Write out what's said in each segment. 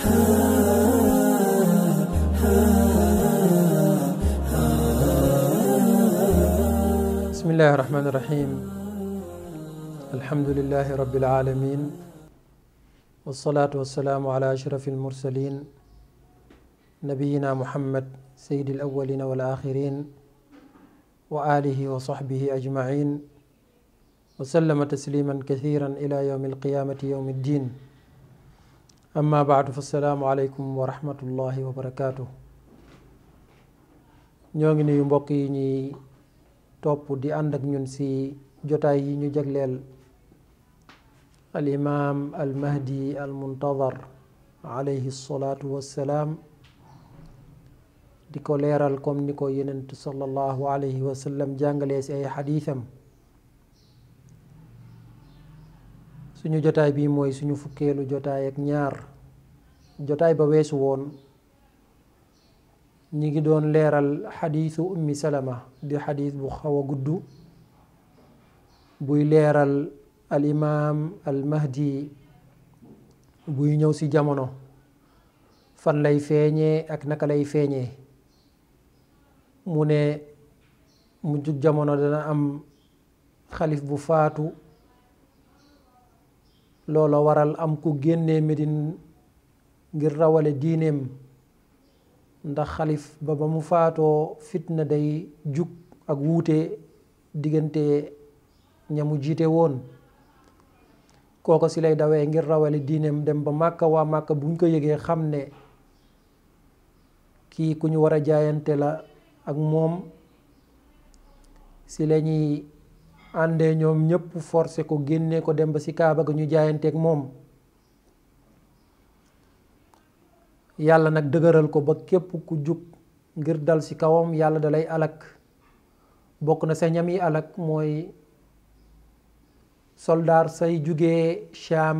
بسم الله الرحمن الرحيم الحمد لله رب العالمين والصلاة والسلام على أشرف المرسلين نبينا محمد سيد الأولين والآخرين وآله وصحبه أجمعين وسلم تسليما كثيرا إلى يوم القيامة يوم الدين amma baadu fa salaamu aleykum wa rahmatullahi wa barakaatu ñoo ngi nuyu mbokk yi ñu topp di ànd ñun ci jotaay yi ñu jagleel al imaam al mahdi al muntadar alayhi salaatu wa salaam di ko leeral comme ni ko yenent sallallahu alayhi wa sallam jàngalee ci ay xadiisam suñu jotaay bii mooy suñu fukkeelu jotaay ak ñaar jotaay ba weesu woon ñi ngi doon leeral xadiisu ummi salama di xadiis bu xaw a gudd buy leeral al imaam al mahdi buy ñëw ci jamono fan lay feeñee ak naka lay feeñee mu ne mujjug jamono dana am xalif bu faatu loola waral am ku génne medin ngir rawale diineem ndax xalif ba ba mu faatoo fitna day jug ak wuute diggante ñamu jiite woon kooko ci lay dawee ngir rawale diineem dem ba màkka waa màkka buñ ko yëgee xam ne kii ku ñu war a jaayante la ak moom si lañuy àndee ñoom ñépp forcé ko génne ko dem ba ci kaaba ga ñu jaayanteeg moom yàlla nag dëgëral ko ba képp ku jug ngir dal ci kawam yàlla dalay alak bokk na sa ñam yi alak mooy soldaar say jugee Shaam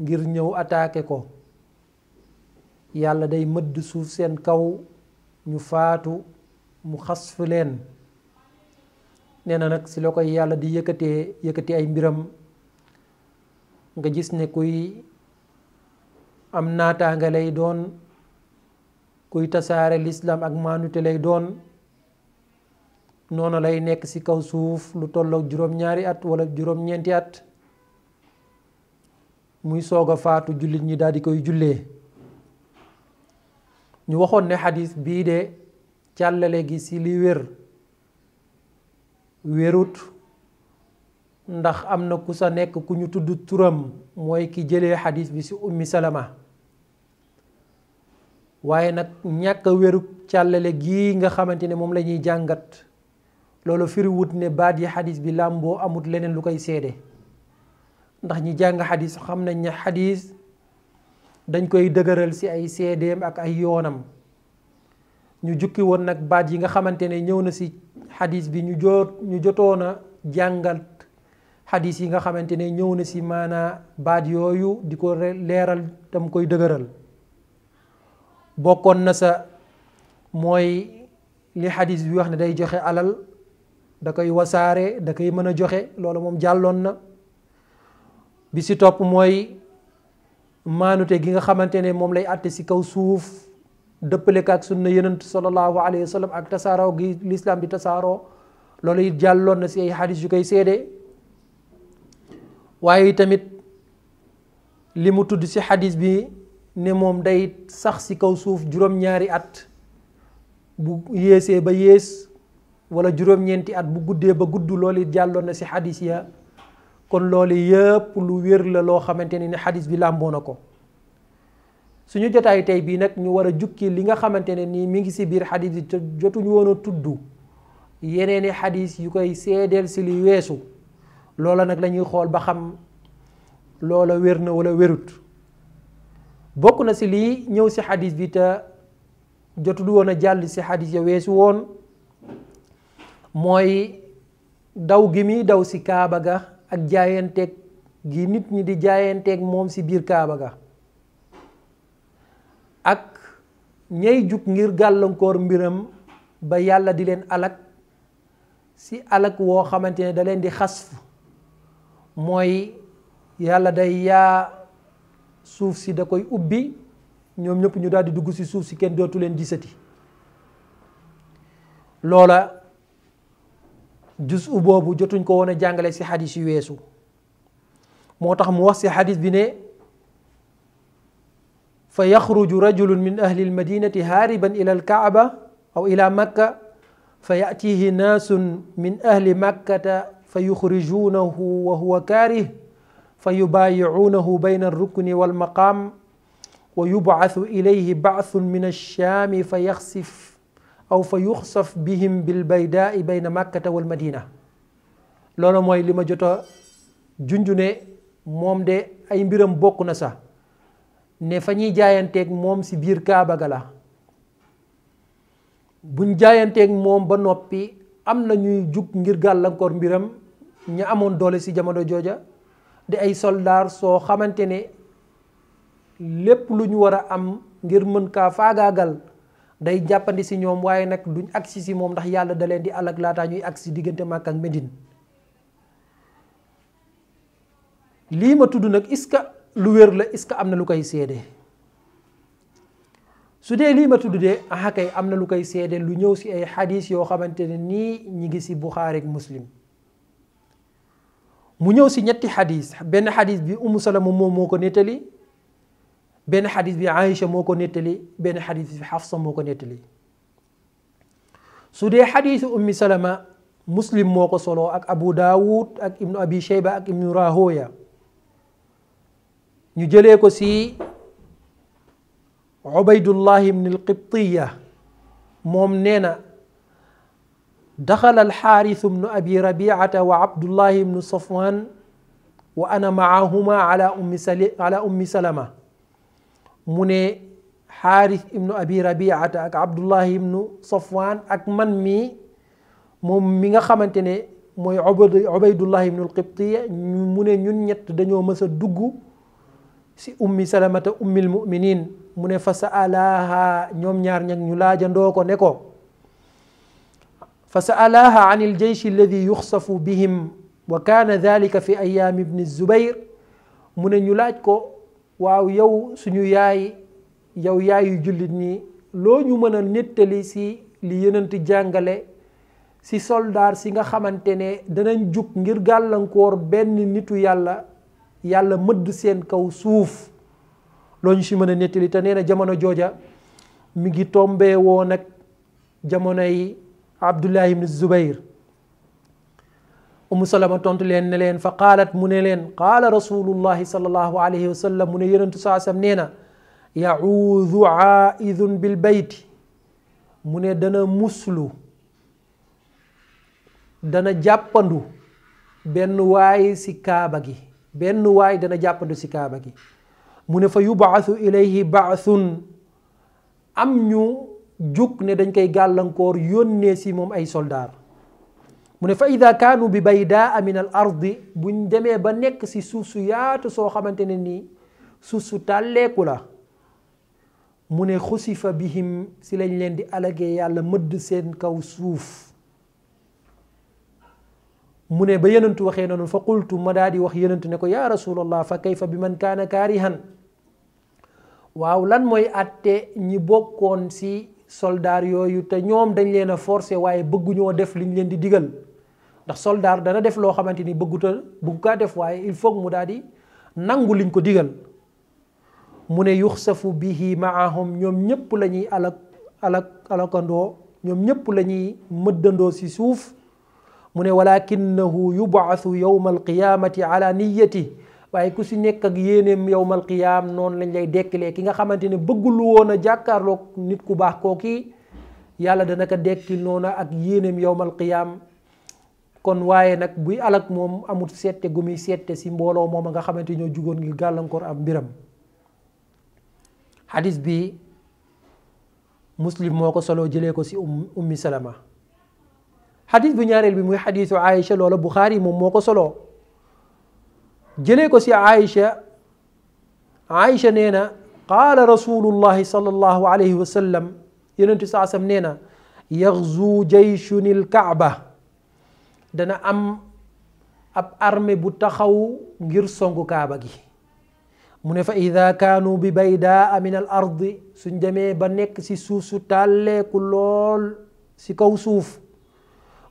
ngir ñëw ataake ko yàlla day mëdd suuf seen kaw ñu faatu mu xas fi leen nee na nag si la koy yàlla di yëkkatee yëkkati ay mbiram nga gis ne kuy am naataanga lay doon kuy tasaare lislaam ak maanute lay doon noonu lay nekk ci kaw suuf lu tolloog juróom-ñaari at wala juróom-ñeenti at muy soog a faatu jullit ñi daal di koy jullee ñu waxoon ne xadis bii de càllale gi ci li wér wérut ndax am na ku sa nekk ku ñu tudd turam mooy ki jële xadiis bi ci ummi salama waaye nag ñàkk a wérug càllale gii nga xamante ne moom lañuy jàngat loolu firiwut ne baat yi xadiis bi làmboo amut leneen lu koy seede ndax ñi jàng xadis xam nañ ne xadis dañ koy dëgëral ci ay seedeem ak ay yoonam ñu jukki woon nag baat yi nga xamante ne ñëw na si xadis bi ñu jot ñu jotoon a jàngal xadis yi nga xamante ne ñëw na si maanaa baat yooyu di ko leeral tam koy dëgëral bokkoon na sa mooy li xadis bi wax ne day joxe alal da koy wasaare da koy mën a joxe loolu moom jàlloon na bi si topp mooy maanute gi nga xamante ne moom lay àtte si kaw suuf dëppale ko ak sunna yenant sallallahu alayhi wa ak tasaaroo gi lislaam bi tasaaroo loolu it jàlloon na si ay xadis yu koy seede tamit li mu tudd si xadis bi ne moom day sax si kaw suuf juróom-ñaari at bu yéesee ba yées wala juróom-ñeenti at bu guddee ba gudd loolu it jàlloon na si xadis ya kon loolu yëpp lu wér la loo xamante ni ne xadis bi làmboo na ko suñu jotaayu tey bii nag ñu war a jukki li nga xamante ne nii mi ngi si biir xadis yi jotuñu woon a tudd yeneeni xadis yu koy seedeel si li weesu loola nag lañuy xool ba xam loola wér na wala wérut bokk na ci lii ñëw si xadis bi te jotul woon a jàll si xadis ya weesu woon mooy daw gi muy daw si kaaba ga ak jaayanteeg gi nit ñi di jaayanteeg moom ci biir kaaba ga ñay jug ngir gàllankoor mbiram ba yàlla di leen alak si alak woo xamante ne da leen di xasf mooy yàlla day yaa suuf si da koy ubbi ñoom ñëpp ñu daal di dugg si suuf si kenn dootu leen jisati loola jus u boobu jotuñ ko woon a jàngale si xadis yu weesu moo tax mu wax si xadis bi ne fa yaxruju rajulun min ahli almadinati haariban ila alkaaba aw ila makka fa yatihi naasun min ahli makkata fa yuxrijuunahu wa huwa kaarih fa yubaayicuunahu bayna alrukni walmaqaam wa yubcasu ilayhi bacsun min alshaami fa yaxsif aw fa yuxsaf bihim bilbaydaai bayna makkata walmadina loolu mooy li ma jot a junjune moom de ay mbiram bokk na sax ne fa ñuy jaayanteeg moom ci biir Kaaba ga la buñ jaayanteeg moom ba noppi am na ñuy jug ngir gàllankoor mbiram ñu amoon doole ci jamono jooja di ay soldaar soo xamante ne lépp lu ñu war a am ngir mën kaa faagaagal day jàppandi ci ñoom waaye nag duñ agsi si moom ndax yàlla da leen di alak laataa ñuy agsi diggante Makka medin lii ma tudd nag est lu wér la est-ce que am na lu koy seede su dee lii ma tudd dee am na lu koy seede lu ñëw si ay xadis yoo xamante ne nii ñi ngi si Buxaari ak Muslim mu ñëw si ñetti xadis benn xadis bi Umu Salama ko nettali benn xadis bi Aïcha moo ko nettali benn xadis bi Xafsa nettali su dee xadisu Ummi Salama Muslim moo ko solo ak Abu Daawud ak Ibnu Abi Sheyba ak Ibnu Rahoya ñu jëlee ko si ubaydullah ibn alqibtiya moom nee na daxala alxaaris ibnu abi rabiata wa abdullah ibnu safwan wa ana maahuma ala ummi sali ala ummi salama mu ne xaaris ibnu abi rabiata ak abdullah ibnu safwan ak man mi moom mi nga xamante ne mooy ubaydullah ibnu alqibtiya mu ne ñun ñett dañoo mës a dugg si ummi salamata ummil muminin mu ne fa saalaha ñoom ñaar ñag ñu laajandoo ko ne ko fa saalaha an iljeyshi alladi yuxsafu bihim wa kaana dalika fi ayaami ibni zubair mu ne ñu laaj ko waaw yow suñu yaay yow yaayu jullit ñi loo ñu mën a nettali si li yenent jàngale si soldaar si nga xamante ne danañ jug ngir gàllankoor benn nitu yàlla yàlla mëdd seen kaw suuf loo ñu si mën a nettali jamono jooja mu ngi tombee woon ak jamonoy Abdullahi ibn Zubayr umu salama tontu leen ne leen fa qaalat mu ne leen qaala rasulullahi sallallahu alayhi wa sallam mu ne yonentu saa sam nee na yacuudu caaidun bil bayti mu ne dana muslu dana jàppandu benn waay si kaaba gi benn waay dana jàppandu ci kaaba gi mu ne fa yubaasu ilayhi baasun am ñu jug ne dañ koy gàllankoor yónnee si moom ay soldaar mu ne fa ida kaanu bi baydaa min al ardi buñ demee ba nekk ci suuf su yaatu soo xamante ne nii suuf su tàlleeku la mu ne xusifa bihim si lañ leen di alagee yàlla mëdd seen kaw suuf mu ne ba yenentu waxee noonu fa qultu ma daa di wax yenentu ne ko yaa rasulallah fa kayfa bi man kaana kaarihan waaw lan mooy àtte ñi bokkoon si soldaar yooyu te ñoom dañ leen a forcé waaye bëgguñoo def liñ leen di digal ndax soldaar dana def loo xamante ni bëgguta bëggu kaa def waaye il faut mu daal nangu liñ ko digal mu ne yuux yuxsafu bihi maahum ñoom ñëpp lañuy alak alak alakandoo ñoom ñëpp lañuy ñuy mëddandoo si suuf mu ne walakinahu yubaasu yowma alqiyamati ala niyati waaye ku si nekk ak yéeneem yowmal qiyaam noonu lañ lay dekkilee ki nga xamante ne bëggul woon a jàkkaarloog nit ku baax kooki yàlla dana ko dekkil noonu ak yéeneem yowmal qiyaam kon waaye nag buy alak moom amut seette gu muy seette si mbooloo moom a nga xamante ñoo jugoon ngir gàllankoor am mbiram xadis bi muslim moo ko solo jëlee ko si um-, ummi salama xadis bu ñaareel bi muy xadisu Aïcha loola Buxaari moom moo ko soloo jëlee ko si Aïcha Aïcha nee na qaala rasulullahi sallallahu alayhi wa sallam yenentu saa sam nee na yaxzu jayshun kaaba dana am ab arme bu taxawu ngir songu kaaba gi mu ne fa ida kaanu bi baydaa min al ardi suñ demee ba nekk si suuf su tàlleeku lool si kaw suuf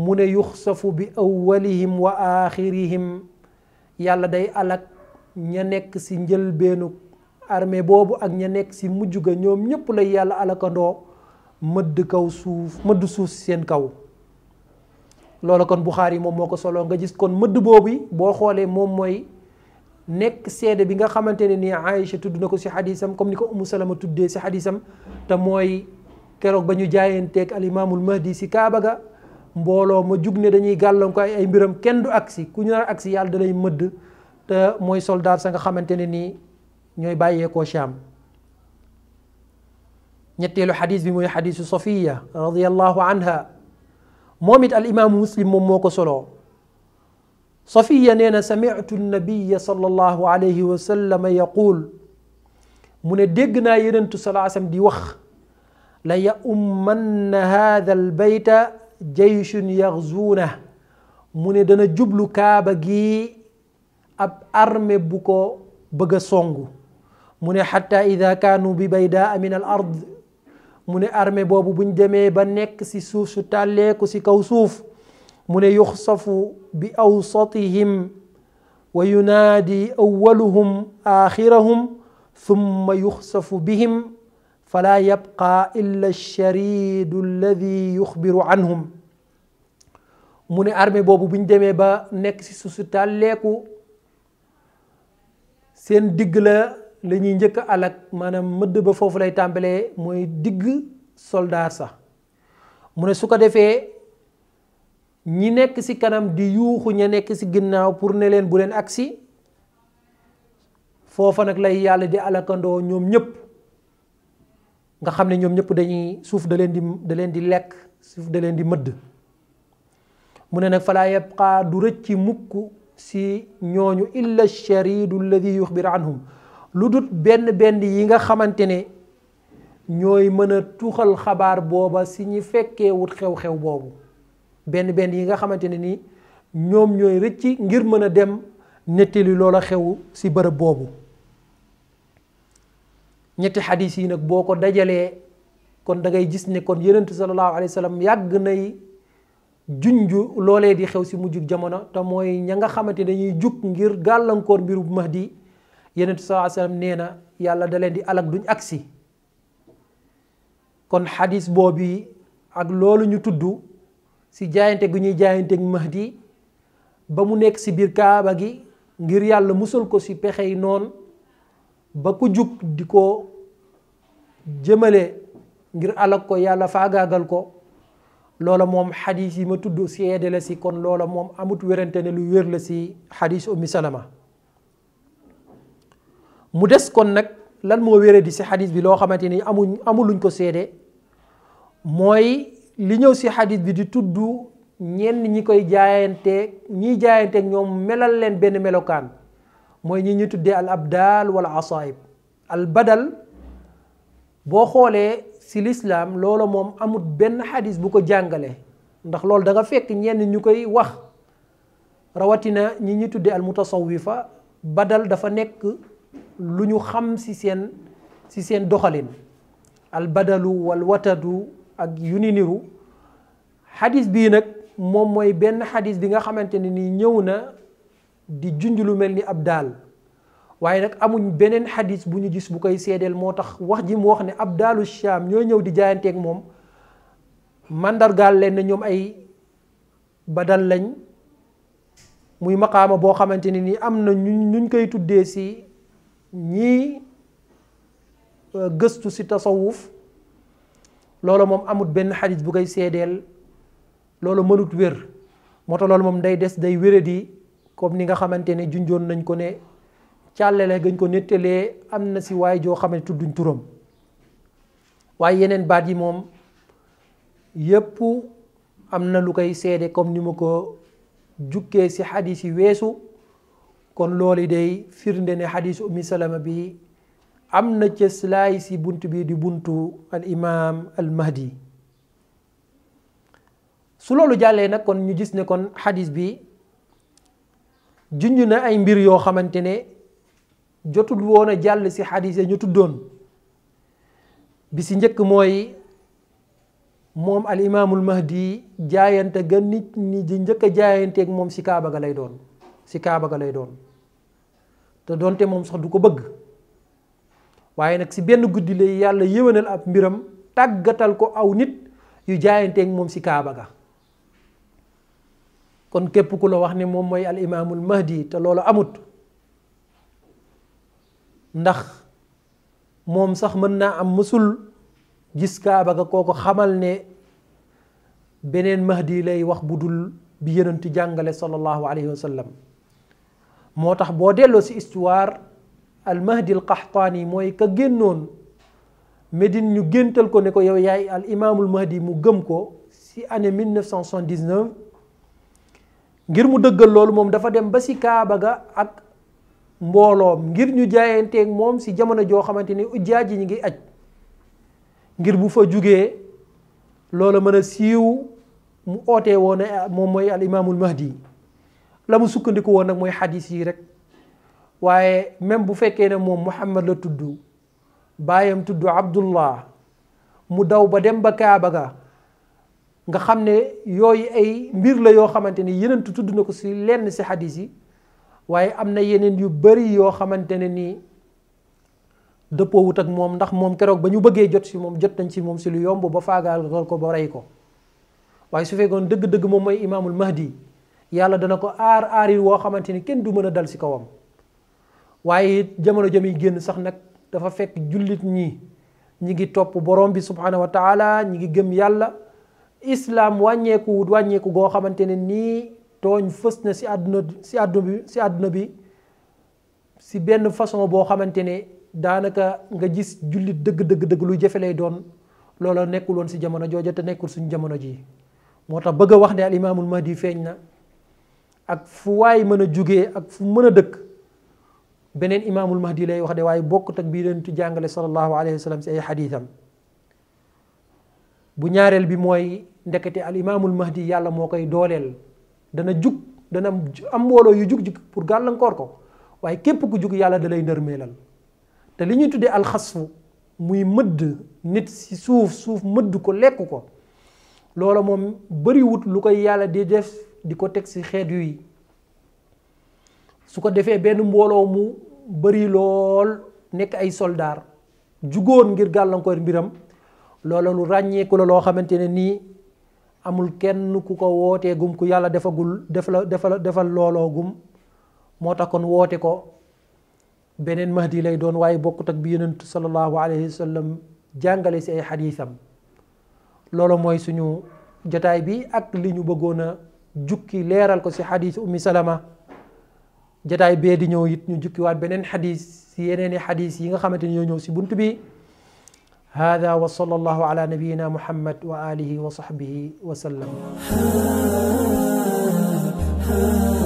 mu ne yuxsafu bi awwalihim wa aaxirihim yàlla day alak ña nekk ci njëlbeenu armée boobu ak ña nekk ci mujj ga ñoom ñépp lay yàlla alakandoo mëdd kaw suuf mëdd suuf si seen kaw loolu kon Buxaari moom moo ko soloo nga gis kon mëdd boobu boo xoolee moom mooy nekk seede bi nga xamante ne nii Aïcha tudd na ko si xadisam comme ni ko Umu Salama tuddee si xadisam te mooy keroog ba ñu jaayanteeg al imaamul mahdi ci Kaaba ga mbooloo ma jug ne dañuy gàllan ay mbiram kenn du agsi ku ñu nar agsi yàlla dalay mëdd te mooy soldat sa nga xamante ne nii ñooy bàyyeekoo Sham ñetteelu xadis bi mooy xadisu Safiya radiallahu anha moom al imaamu muslim moom moo ko soloo Safiya nee na samitu nabiya sallallahu alayhi wa sallam ne dégg naa yenentu salaa di wax la ya ummanna hada al jayshun yaxzuuna mu ne dana jublu kaaba gi ab armée bu ko bëgg a songu mu ne xatta ida kaanu bi baydaa min al ard mu ne armée boobu buñ demee ba nekk ci suuf su tàlleeku ci kaw suuf mu ne yuxsafu bi awsatihim wa yunaadi awaluhum axirahum thumma yuxsafu bihim falaa yabqa illa lsharidu alladi yuxbiru anhum mu ne armée boobu bu ñu demee ba nekk ci susu tàlleeku seen digg la lañuy njëkk a maanaam mëdd ba foofu lay tàmbalee mooy digg soldaar sax mu ne su ko defee ñi nekk ci kanam di yuuxu ña nekk ci ginnaaw pour ne leen bu leen agsi foofa nag lay yàlla di alakandoo ñoom ñépp nga xam ne ñoom ñëpp dañuy suuf da leen di da leen di lekk suuf da leen di mëdd mu ne nag falaa yabqa du rëcc mukk si ñooñu illa sharidu alladi bi anhum lu dut benn benn yi nga xamante ne ñooy mën a tuuxal xabaar booba si ñi fekkee wut xew-xew boobu benn benn yi nga xamante ne ni ñoom ñooy rëcc ngir mën a dem nettali loola xew si bërëb boobu ñetti xadis yi nag boo ko dajalee kon dangay gis ne kon yonent sallallahu alayhi wa sallam yàgg nay ju loolee di xew si mujju jamono te mooy ña nga xamante dañuy jug ngir gàllankoor mbiru mahdi yonent sallallahu alayhi wa sallam nee na yàlla da leen di alak duñ agsi kon xadis boobu ak loolu ñu tudd ci jaayante gu ñuy jaayanteeg di ba mu nekk ci biir kaaba gi ngir yàlla musal ko si pexey noon ba ku jug di ko jëmale ngir alak ko yàlla faagaagal ko loola moom xadis yi ma tudd seede la si kon loola moom amut wérante ne lu wér la si xadis ummi salama mu des kon nag lan moo wére si xadis bi loo xamante ni amuñ amuluñ ko seede mooy li ñëw si xadis bi di tudd ñenn ñi koy jaayante ñiy jaayanteeg ñoom melal leen benn melokaan mooy ñi ñu tuddee al abdal wala asaib al badal boo xoolee si lislaam loola moom amut benn xadis bu ko jàngale ndax loolu da nga fekk ñenn ñu koy wax rawatina ñi ñi tudde al mutasawifa badal dafa nekk lu ñu xam si seen si seen doxalin al badalu wal watadu ak yu ni niru xadis bii nag moom mooy benn xadis bi nga xamante ne ni ñëw na di junj lu mel ni ab daal waaye nag amuñ beneen xadiis bu ñu gis bu koy seedeel moo tax wax ji mu wax ne ab daalu Shaam ñoo ñëw di jaayanteeg moom màndargaal leen na ñoom ay badal lañ muy maqaama boo xamante ne nii am na ñu ñuñ koy tuddee si ñii euh, gëstu si tasawuf loolu moom amut benn xadis bu koy seedeel loolu mënut wér moo tax loolu moom day des day wéradi comme ni nga xamante ne junjoon nañ ko ne càllale gañ ko nettalee am na si waay joo xamante ne tudduñ turam waaye yeneen baat yi moom yépp am na lu koy seede comme ni ma ko jukkee si xadis yi weesu kon loolu day firnde ne xadisu ummi salama bi am na cëslaay si bunt bi di buntu al imam al mahdi su loolu jàllee nag kon ñu gis ne kon xadis bi junj na ay mbir yoo xamante ne jotul woon a jàll ci xadis yi ñu tuddoon bi ci njëkk mooy moom al imaamul mahdi jaayante ga nit ñi di njëkk a jaayanteeg moom ci kaaba ga lay doon si kaaba lay doon te doonte moom sax du ko bëgg waaye nag ci benn guddi lay yàlla yéwénal ab mbiram tàggatal ko aw nit yu jaayanteeg moom ci kaaba ga kon képp ku la wax ni moom mooy al imaamul mahdi te loolu amut ndax moom sax mën naa am mësul gis kaaba ga kooko xamal ne beneen mahdi lay wax bu dul bi yonent jàngale sallallahu alayhi wa sallam moo tax boo delloo ci histoire al mahdi al qaxtaani mooy ka génnoon medin ñu géntal ko ne ko yow yaay al imaamul mahdi mu gëm ko ci année 1979 ngir mu dëggal loolu moom dafa dem ba ci kaaba ga ak mbooloom ngir ñu jaayanteek moom si jamono joo xamante ni ujjaaj yi ñu ngi aj ngir bu fa jugee loola mën a siiw mu ootee woon ah, moom mooy al imaamul mahdi la mu sukkandiku woon nag mooy xadis yi rek waaye même bu fekkee ne moom muhammad la tudd baayam tudd abdullah mu daw ba dem ba kaaba ga nga xam ne yooyu ay mbir la yoo xamante ni yeneen tudd na ko si lenn si xadis yi waaye am na yeneen yu bari yoo xamante ne nii dëppoo wut ak moom ndax moom keroog ba ñu bëggee jot si moom jot nañ ci moom si lu yomb ba faagaagal ko ba rey ko waaye su fekkoon dëgg-dëgg moom mooy imaamul mahdi yàlla dana ko aar aari woo xamante ni kenn du mën a dal si kawam waaye jamono jamiy génn sax nag dafa fekk jullit ñi ñi ngi topp borom bi subhanahu wa taala ñi ngi gëm yàlla islaam wàññeeku wàññeeku goo xamante ne nii tooñ fës na si àdduna si bi si àdduna bi si benn façon boo xamante ne daanaka nga gis jullit dëgg dëgg dëgg lu jafe lay doon loola nekkul woon si jamono jooja nekkul suñu jamono jii moo tax bëgg a wax ne al imaamul mahdi feeñ na ak fu waay mën a jóge ak fu mën a dëkk beneen imaamul mahdi lay wax de waaye bokkut ak bii leen tu jàngale sallallahu alayhi wa sallam si ay xadiisam bu ñaareel bi mooy ndekete al imaamul mahdi yàlla moo koy dooleel dana jug dana am mbooloo yu jug jug pour gàllankoor ko waaye képp ku jug yàlla da lay ndërmeelal te li ñuy tuddee alxasfu muy mëdd nit si suuf suuf mëdd ko lekk ko loola moom bëriwut lu koy yàlla di def di ko teg si xeet yi su ko defee benn mbooloo mu bëri lool nekk ay soldaar jugoon ngir gàllankoor mbiram loola lu ràññeeku la loo xamante ne nii amul kenn ku ko wootee gum ku yàlla defagul defal defal defal looloo gum moo tax kon woote ko beneen mahdi lay doon waaye bokkut ak bi yonent sallallahu alayhi wa sallam jàngale si ay xadiisam loolu mooy suñu jotaay bi ak li ñu bëggoon a jukki leeral ko si xadiis ummi salama jotaay bee di ñëw it ñu jukkiwaat beneen xadiis si yeneen i xadiis yi nga xamante ni ñoo ñëw si bunt bi هذا وصلى الله على نبينا محمد وآله وصحبه وسلم